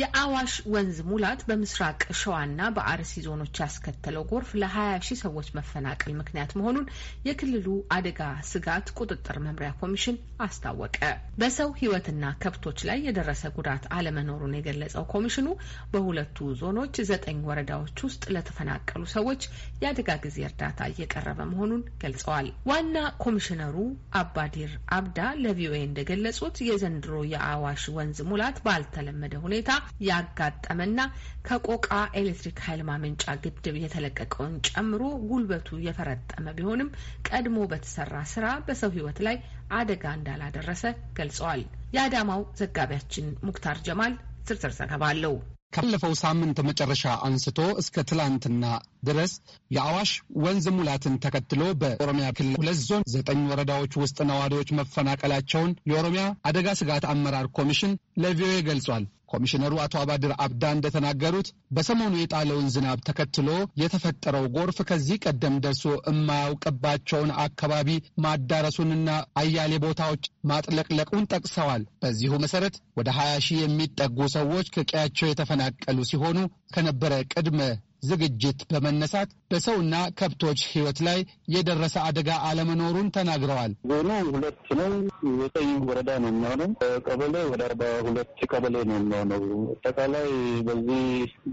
የአዋሽ ወንዝ ሙላት በምስራቅ ሸዋና በአርሲ ዞኖች ያስከተለው ጎርፍ ለ20 ሺህ ሰዎች መፈናቀል ምክንያት መሆኑን የክልሉ አደጋ ስጋት ቁጥጥር መምሪያ ኮሚሽን አስታወቀ። በሰው ሕይወትና ከብቶች ላይ የደረሰ ጉዳት አለመኖሩን የገለጸው ኮሚሽኑ በሁለቱ ዞኖች ዘጠኝ ወረዳዎች ውስጥ ለተፈናቀሉ ሰዎች የአደጋ ጊዜ እርዳታ እየቀረበ መሆኑን ገልጸዋል። ዋና ኮሚሽነሩ አባዲር አብዳ ለቪኦኤ እንደገለጹት የዘንድሮ የአዋሽ ወንዝ ሙላት ባልተለመደ ሁኔታ ያጋጠመና ከቆቃ ኤሌክትሪክ ኃይል ማመንጫ ግድብ የተለቀቀውን ጨምሮ ጉልበቱ የፈረጠመ ቢሆንም ቀድሞ በተሰራ ስራ በሰው ሕይወት ላይ አደጋ እንዳላደረሰ ገልጸዋል። የአዳማው ዘጋቢያችን ሙክታር ጀማል ዝርዝር ዘገባ አለው። ካለፈው ሳምንት መጨረሻ አንስቶ እስከ ትላንትና ድረስ የአዋሽ ወንዝ ሙላትን ተከትሎ በኦሮሚያ ክልል ሁለት ዞን ዘጠኝ ወረዳዎች ውስጥ ነዋሪዎች መፈናቀላቸውን የኦሮሚያ አደጋ ስጋት አመራር ኮሚሽን ለቪኦኤ ገልጿል። ኮሚሽነሩ አቶ አባድር አብዳ እንደተናገሩት በሰሞኑ የጣለውን ዝናብ ተከትሎ የተፈጠረው ጎርፍ ከዚህ ቀደም ደርሶ የማያውቅባቸውን አካባቢ ማዳረሱንና አያሌ ቦታዎች ማጥለቅለቁን ጠቅሰዋል። በዚሁ መሰረት ወደ 20 ሺህ የሚጠጉ ሰዎች ከቀያቸው የተፈናቀሉ ሲሆኑ ከነበረ ቅድመ ዝግጅት በመነሳት በሰውና ከብቶች ህይወት ላይ የደረሰ አደጋ አለመኖሩን ተናግረዋል። ዞኑ ሁለት ነው። ዘጠኝ ወረዳ ነው የሚሆነው። ቀበሌ ወደ አርባ ሁለት ቀበሌ ነው የሚሆነው። አጠቃላይ በዚህ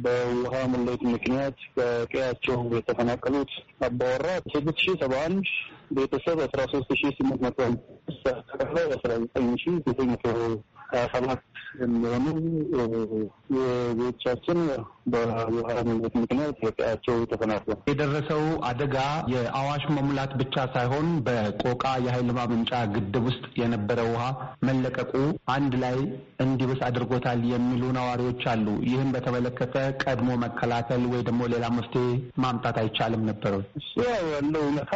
በውሃ ሙሌት ምክንያት ከቀያቸው የተፈናቀሉት አባወራ ስድስት ሺ ሰባ አንድ ቤተሰብ አስራ ሶስት ሺ ስምንት መቶ አስራ ዘጠኝ ሺ ዘጠኝ መቶ ሀያ ሰባት የሚሆኑ ዜጎቻችን በውሃ ምክንያት የደረሰው አደጋ የአዋሽ መሙላት ብቻ ሳይሆን በቆቃ የኃይል ማመንጫ ግድብ ውስጥ የነበረ ውሃ መለቀቁ አንድ ላይ እንዲብስ አድርጎታል የሚሉ ነዋሪዎች አሉ። ይህም በተመለከተ ቀድሞ መከላከል ወይ ደግሞ ሌላ መፍትሄ ማምጣት አይቻልም ነበር? ያው ያለው እውነታ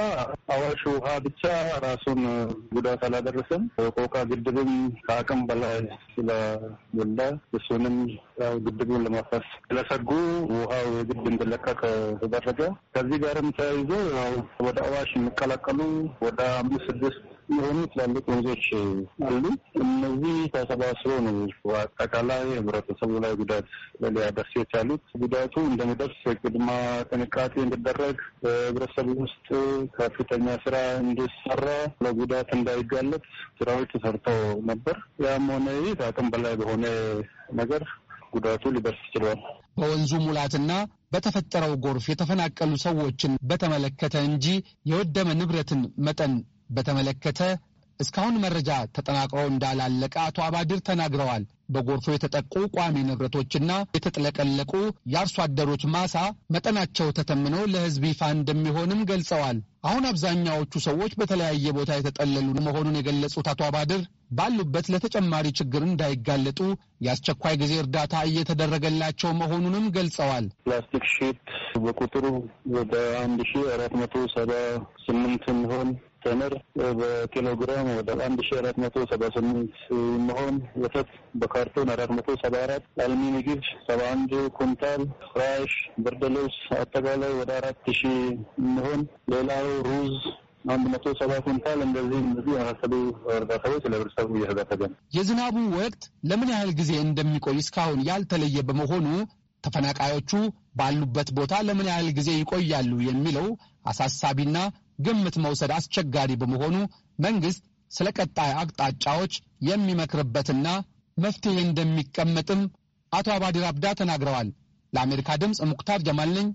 አዋሽ ውሃ ብቻ ራሱን ጉዳት አላደረሰም። ቆቃ ግድብም ከአቅም በላይ ስለሞላ እሱንም ያው ግድቡን ለማፈስ ስለሰጉ ውሃው የግድ እንዲለቀቅ ተደረገ። ከዚህ ጋርም ተያይዞ ያው ወደ አዋሽ የሚቀላቀሉ ወደ አምስት ስድስት የሆኑ ትላልቅ ወንዞች አሉ። እነዚህ ተሰባስበው ነው አጠቃላይ ህብረተሰቡ ላይ ጉዳት ሊያደርሱ የቻሉት። ጉዳቱ እንደሚደርስ ቅድመ ጥንቃቄ እንዲደረግ፣ በህብረተሰቡ ውስጥ ከፍተኛ ስራ እንዲሰራ፣ ለጉዳት እንዳይጋለጥ ስራዎች ተሰርተው ነበር። ያም ሆነ ይህ አቅም በላይ በሆነ ነገር ጉዳቱ ሊደርስ ይችላል። በወንዙ ሙላትና በተፈጠረው ጎርፍ የተፈናቀሉ ሰዎችን በተመለከተ እንጂ የወደመ ንብረትን መጠን በተመለከተ እስካሁን መረጃ ተጠናቅሮ እንዳላለቀ አቶ አባድር ተናግረዋል። በጎርፎ የተጠቁ ቋሚ ንብረቶችና የተጥለቀለቁ የአርሶ አደሮች ማሳ መጠናቸው ተተምኖ ለሕዝብ ይፋ እንደሚሆንም ገልጸዋል። አሁን አብዛኛዎቹ ሰዎች በተለያየ ቦታ የተጠለሉ መሆኑን የገለጹት አቶ አባድር ባሉበት ለተጨማሪ ችግር እንዳይጋለጡ የአስቸኳይ ጊዜ እርዳታ እየተደረገላቸው መሆኑንም ገልጸዋል። ፕላስቲክ ሺት በቁጥሩ ወደ አንድ ሺ አራት መቶ ሰባ ስምንት የሚሆን ተምር በኪሎግራም ወደ አንድ ሺ አራት መቶ ሰባ ስምንት መሆን ወተት በካርቶን አራት መቶ ሰባ አራት አልሚ ምግብ ሰባ አንድ ኩንታል ፍራሽ ብርድ ልብስ አጠቃላይ ወደ አራት ሺ መሆን ሌላው ሩዝ አንድ መቶ ሰባ ኩንታል እንደዚህ እንደዚህ የመሳሰሉ እርዳታዎች ለህብረተሰቡ እየተደረገ ነው። የዝናቡ ወቅት ለምን ያህል ጊዜ እንደሚቆይ እስካሁን ያልተለየ በመሆኑ ተፈናቃዮቹ ባሉበት ቦታ ለምን ያህል ጊዜ ይቆያሉ የሚለው አሳሳቢና ግምት መውሰድ አስቸጋሪ በመሆኑ መንግስት ስለ ቀጣይ አቅጣጫዎች የሚመክርበትና መፍትሄ እንደሚቀመጥም አቶ አባዲር አብዳ ተናግረዋል። ለአሜሪካ ድምፅ ሙክታር ጀማል ነኝ